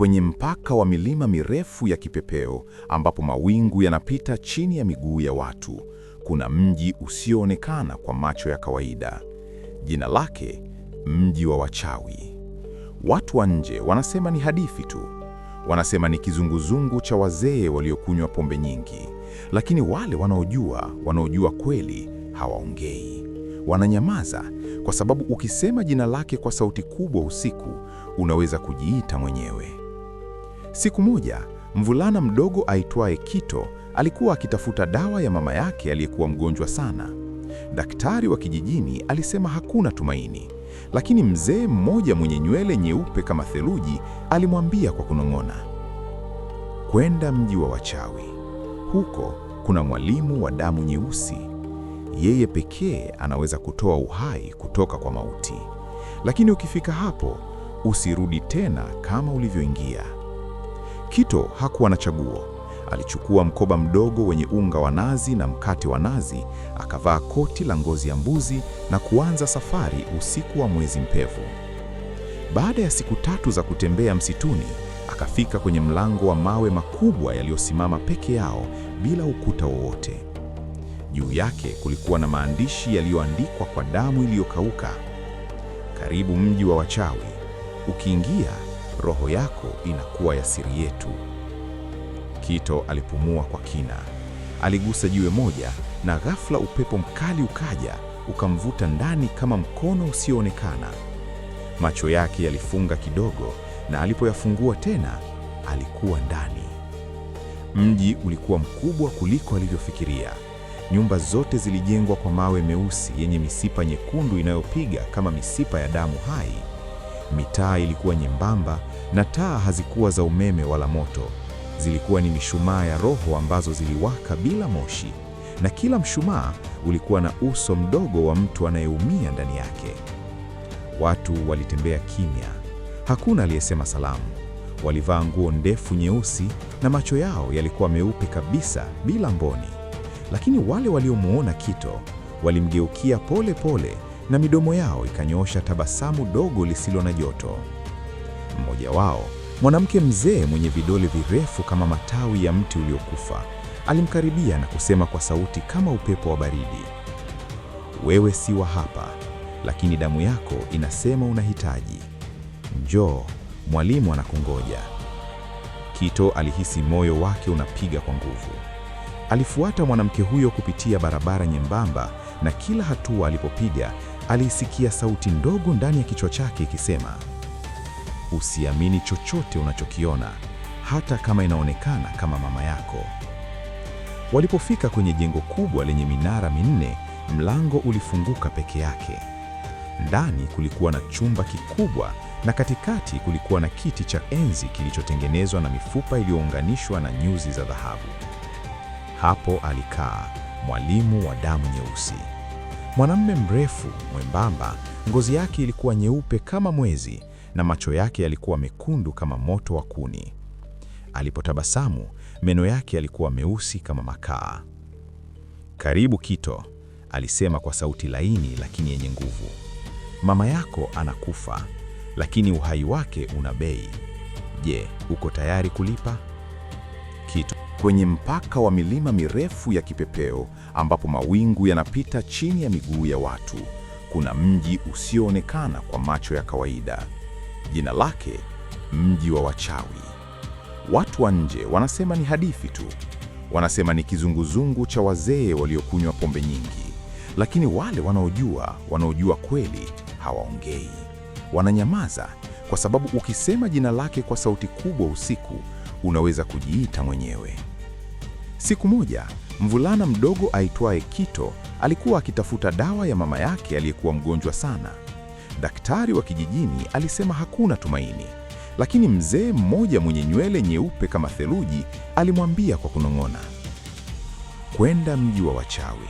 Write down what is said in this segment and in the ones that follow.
kwenye mpaka wa milima mirefu ya kipepeo ambapo mawingu yanapita chini ya miguu ya watu, kuna mji usioonekana kwa macho ya kawaida. Jina lake mji wa wachawi. Watu wa nje wanasema ni hadithi tu, wanasema ni kizunguzungu cha wazee waliokunywa pombe nyingi, lakini wale wanaojua, wanaojua kweli hawaongei, wananyamaza, kwa sababu ukisema jina lake kwa sauti kubwa usiku, unaweza kujiita mwenyewe. Siku moja, mvulana mdogo aitwaye Kito alikuwa akitafuta dawa ya mama yake aliyekuwa mgonjwa sana. Daktari wa kijijini alisema hakuna tumaini, lakini mzee mmoja mwenye nywele nyeupe kama theluji alimwambia kwa kunong'ona, kwenda mji wa wachawi. Huko kuna mwalimu wa damu nyeusi, yeye pekee anaweza kutoa uhai kutoka kwa mauti, lakini ukifika hapo usirudi tena kama ulivyoingia. Kito hakuwa na chaguo. Alichukua mkoba mdogo wenye unga wa nazi na mkate wa nazi, akavaa koti la ngozi ya mbuzi na kuanza safari usiku wa mwezi mpevu. Baada ya siku tatu za kutembea msituni, akafika kwenye mlango wa mawe makubwa yaliyosimama peke yao bila ukuta wowote. Juu yake kulikuwa na maandishi yaliyoandikwa kwa damu iliyokauka. Karibu mji wa wachawi. Ukiingia roho yako inakuwa ya siri yetu. Kito alipumua kwa kina, aligusa jiwe moja, na ghafla upepo mkali ukaja ukamvuta ndani kama mkono usioonekana. Macho yake yalifunga kidogo, na alipoyafungua tena alikuwa ndani. Mji ulikuwa mkubwa kuliko alivyofikiria. Nyumba zote zilijengwa kwa mawe meusi yenye misipa nyekundu inayopiga kama misipa ya damu hai. Mitaa ilikuwa nyembamba na taa hazikuwa za umeme wala moto. Zilikuwa ni mishumaa ya roho ambazo ziliwaka bila moshi, na kila mshumaa ulikuwa na uso mdogo wa mtu anayeumia ndani yake. Watu walitembea kimya, hakuna aliyesema salamu. Walivaa nguo ndefu nyeusi na macho yao yalikuwa meupe kabisa bila mboni. Lakini wale waliomwona Kito walimgeukia pole pole na midomo yao ikanyoosha tabasamu dogo lisilo na joto. Mmoja wao, mwanamke mzee mwenye vidole virefu kama matawi ya mti uliokufa, alimkaribia na kusema kwa sauti kama upepo wa baridi, wewe si wa hapa, lakini damu yako inasema unahitaji. Njoo, mwalimu anakungoja. Kito alihisi moyo wake unapiga kwa nguvu. Alifuata mwanamke huyo kupitia barabara nyembamba na kila hatua alipopiga aliisikia sauti ndogo ndani ya kichwa chake ikisema, usiamini chochote unachokiona, hata kama inaonekana kama mama yako. Walipofika kwenye jengo kubwa lenye minara minne, mlango ulifunguka peke yake. Ndani kulikuwa na chumba kikubwa na katikati kulikuwa na kiti cha enzi kilichotengenezwa na mifupa iliyounganishwa na nyuzi za dhahabu. Hapo alikaa mwalimu wa damu nyeusi. Mwanamume mrefu mwembamba, ngozi yake ilikuwa nyeupe kama mwezi na macho yake yalikuwa mekundu kama moto wa kuni. Alipotabasamu, meno yake yalikuwa meusi kama makaa. Karibu Kito, alisema kwa sauti laini lakini yenye nguvu. Mama yako anakufa, lakini uhai wake una bei. Je, uko tayari kulipa? kwenye mpaka wa milima mirefu ya kipepeo ambapo mawingu yanapita chini ya miguu ya watu, kuna mji usioonekana kwa macho ya kawaida. Jina lake mji wa wachawi. Watu wa nje wanasema ni hadithi tu, wanasema ni kizunguzungu cha wazee waliokunywa pombe nyingi, lakini wale wanaojua, wanaojua kweli hawaongei, wananyamaza kwa sababu ukisema jina lake kwa sauti kubwa usiku unaweza kujiita mwenyewe. Siku moja mvulana mdogo aitwaye Kito alikuwa akitafuta dawa ya mama yake aliyekuwa mgonjwa sana. Daktari wa kijijini alisema hakuna tumaini, lakini mzee mmoja mwenye nywele nyeupe kama theluji alimwambia kwa kunong'ona, kwenda mji wa wachawi.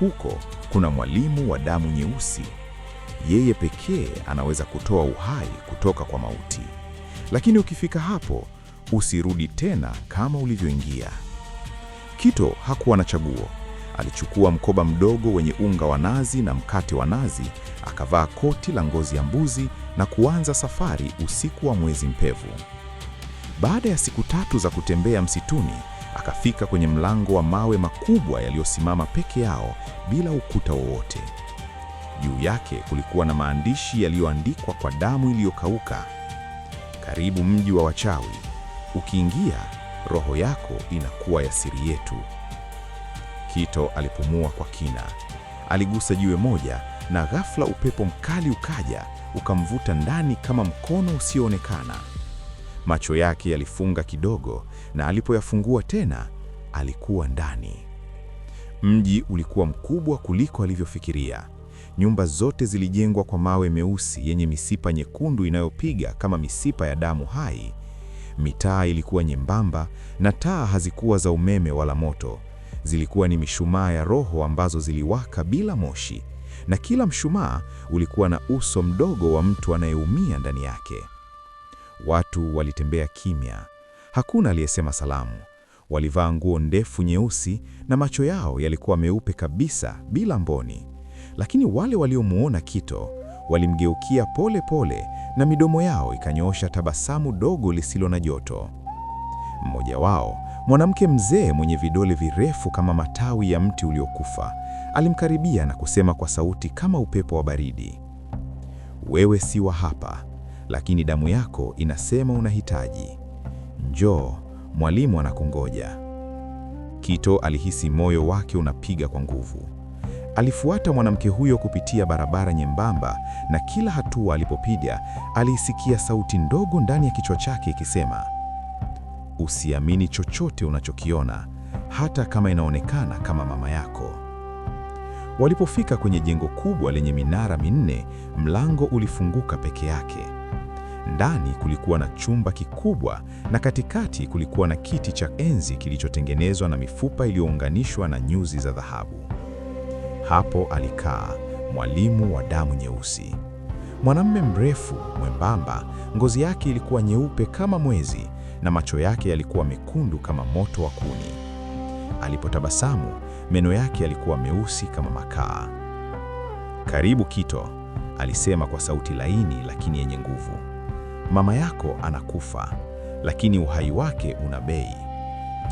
Huko kuna mwalimu wa damu nyeusi, yeye pekee anaweza kutoa uhai kutoka kwa mauti, lakini ukifika hapo usirudi tena kama ulivyoingia. Kito hakuwa na chaguo. Alichukua mkoba mdogo wenye unga wa nazi na mkate wa nazi, akavaa koti la ngozi ya mbuzi na kuanza safari usiku wa mwezi mpevu. Baada ya siku tatu za kutembea msituni, akafika kwenye mlango wa mawe makubwa yaliyosimama peke yao bila ukuta wowote. Juu yake kulikuwa na maandishi yaliyoandikwa kwa damu iliyokauka. Karibu mji wa wachawi. Ukiingia roho yako inakuwa ya siri yetu. Kito alipumua kwa kina, aligusa jiwe moja, na ghafla upepo mkali ukaja ukamvuta ndani kama mkono usioonekana. Macho yake yalifunga kidogo, na alipoyafungua tena alikuwa ndani. Mji ulikuwa mkubwa kuliko alivyofikiria. Nyumba zote zilijengwa kwa mawe meusi yenye misipa nyekundu inayopiga kama misipa ya damu hai, Mitaa ilikuwa nyembamba na taa hazikuwa za umeme wala moto. Zilikuwa ni mishumaa ya roho ambazo ziliwaka bila moshi, na kila mshumaa ulikuwa na uso mdogo wa mtu anayeumia ndani yake. Watu walitembea kimya, hakuna aliyesema salamu. Walivaa nguo ndefu nyeusi na macho yao yalikuwa meupe kabisa bila mboni, lakini wale waliomuona Kito walimgeukia pole pole na midomo yao ikanyoosha tabasamu dogo lisilo na joto. Mmoja wao, mwanamke mzee mwenye vidole virefu kama matawi ya mti uliokufa, alimkaribia na kusema kwa sauti kama upepo wa baridi, wewe si wa hapa, lakini damu yako inasema unahitaji. Njoo, mwalimu anakungoja. Kito alihisi moyo wake unapiga kwa nguvu. Alifuata mwanamke huyo kupitia barabara nyembamba, na kila hatua alipopiga aliisikia sauti ndogo ndani ya kichwa chake ikisema, usiamini chochote unachokiona, hata kama inaonekana kama mama yako. Walipofika kwenye jengo kubwa lenye minara minne, mlango ulifunguka peke yake. Ndani kulikuwa na chumba kikubwa na katikati kulikuwa na kiti cha enzi kilichotengenezwa na mifupa iliyounganishwa na nyuzi za dhahabu. Hapo alikaa mwalimu wa damu nyeusi, mwanamume mrefu mwembamba. Ngozi yake ilikuwa nyeupe kama mwezi na macho yake yalikuwa mekundu kama moto wa kuni. Alipotabasamu, meno yake yalikuwa meusi kama makaa. Karibu Kito, alisema kwa sauti laini lakini yenye nguvu. Mama yako anakufa, lakini uhai wake una bei.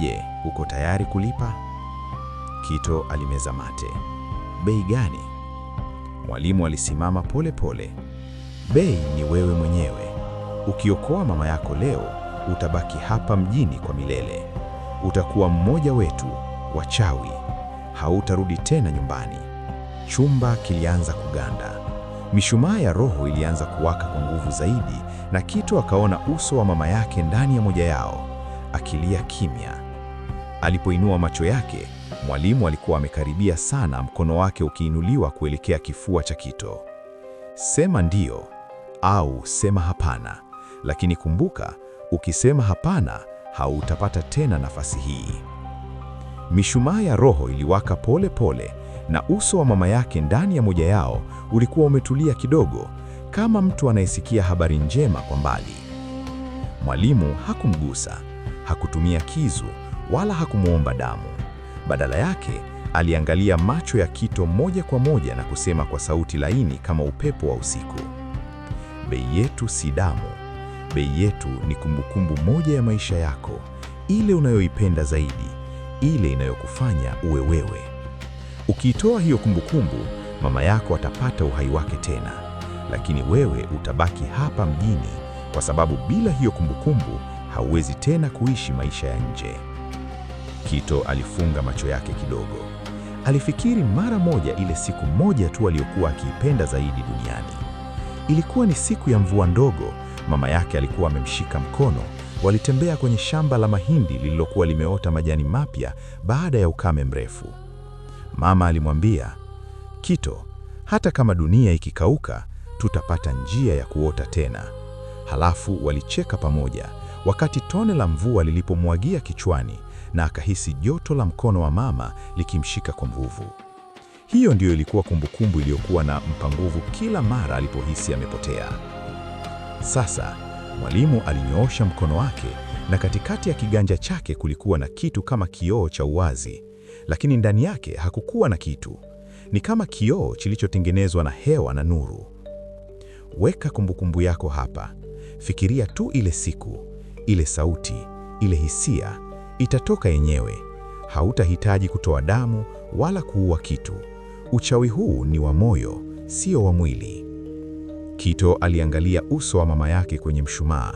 Je, uko tayari kulipa? Kito alimeza mate bei gani? Mwalimu alisimama pole pole. Bei ni wewe mwenyewe. Ukiokoa mama yako leo, utabaki hapa mjini kwa milele. Utakuwa mmoja wetu wachawi. Hautarudi tena nyumbani. Chumba kilianza kuganda. Mishumaa ya roho ilianza kuwaka kwa nguvu zaidi, na Kitu akaona uso wa mama yake ndani ya moja yao, akilia kimya. Alipoinua macho yake Mwalimu alikuwa amekaribia sana, mkono wake ukiinuliwa kuelekea kifua cha Kito. Sema ndiyo au sema hapana, lakini kumbuka, ukisema hapana hautapata tena nafasi hii. Mishumaa ya roho iliwaka pole pole, na uso wa mama yake ndani ya moja yao ulikuwa umetulia kidogo, kama mtu anayesikia habari njema kwa mbali. Mwalimu hakumgusa, hakutumia kisu, wala hakumwomba damu. Badala yake aliangalia macho ya Kito moja kwa moja na kusema kwa sauti laini kama upepo wa usiku, bei yetu si damu, bei yetu ni kumbukumbu moja ya maisha yako, ile unayoipenda zaidi, ile inayokufanya uwe wewe. Ukiitoa hiyo kumbukumbu, mama yako atapata uhai wake tena, lakini wewe utabaki hapa mjini, kwa sababu bila hiyo kumbukumbu hauwezi tena kuishi maisha ya nje. Kito alifunga macho yake kidogo. Alifikiri mara moja ile siku moja tu aliyokuwa akiipenda zaidi duniani. Ilikuwa ni siku ya mvua ndogo. Mama yake alikuwa amemshika mkono, walitembea kwenye shamba la mahindi lililokuwa limeota majani mapya baada ya ukame mrefu. Mama alimwambia Kito, hata kama dunia ikikauka, tutapata njia ya kuota tena. Halafu walicheka pamoja wakati tone la mvua lilipomwagia kichwani na akahisi joto la mkono wa mama likimshika kwa nguvu. Hiyo ndiyo ilikuwa kumbukumbu iliyokuwa na mpa nguvu kila mara alipohisi amepotea. Sasa mwalimu alinyoosha mkono wake na katikati ya kiganja chake kulikuwa na kitu kama kioo cha uwazi, lakini ndani yake hakukuwa na kitu. Ni kama kioo kilichotengenezwa na hewa na nuru. Weka kumbukumbu yako hapa. Fikiria tu ile siku, ile sauti, ile hisia itatoka yenyewe. Hautahitaji kutoa damu wala kuua kitu. Uchawi huu ni wa moyo, sio wa mwili. Kito aliangalia uso wa mama yake kwenye mshumaa.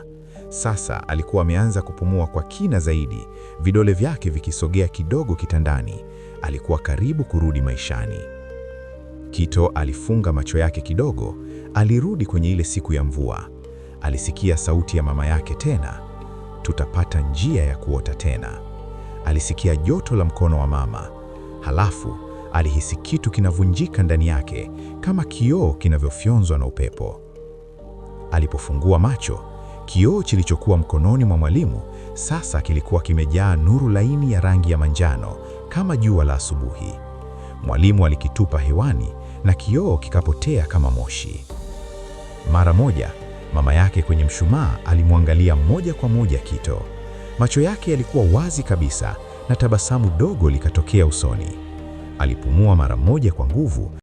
Sasa alikuwa ameanza kupumua kwa kina zaidi, vidole vyake vikisogea kidogo kitandani. Alikuwa karibu kurudi maishani. Kito alifunga macho yake kidogo, alirudi kwenye ile siku ya mvua. Alisikia sauti ya mama yake tena tutapata njia ya kuota tena. Alisikia joto la mkono wa mama, halafu alihisi kitu kinavunjika ndani yake kama kioo kinavyofyonzwa na upepo. Alipofungua macho, kioo kilichokuwa mkononi mwa mwalimu sasa kilikuwa kimejaa nuru laini ya rangi ya manjano kama jua la asubuhi. Mwalimu alikitupa hewani na kioo kikapotea kama moshi. Mara moja Mama yake kwenye mshumaa alimwangalia moja kwa moja Kito. Macho yake yalikuwa wazi kabisa na tabasamu dogo likatokea usoni. Alipumua mara moja kwa nguvu.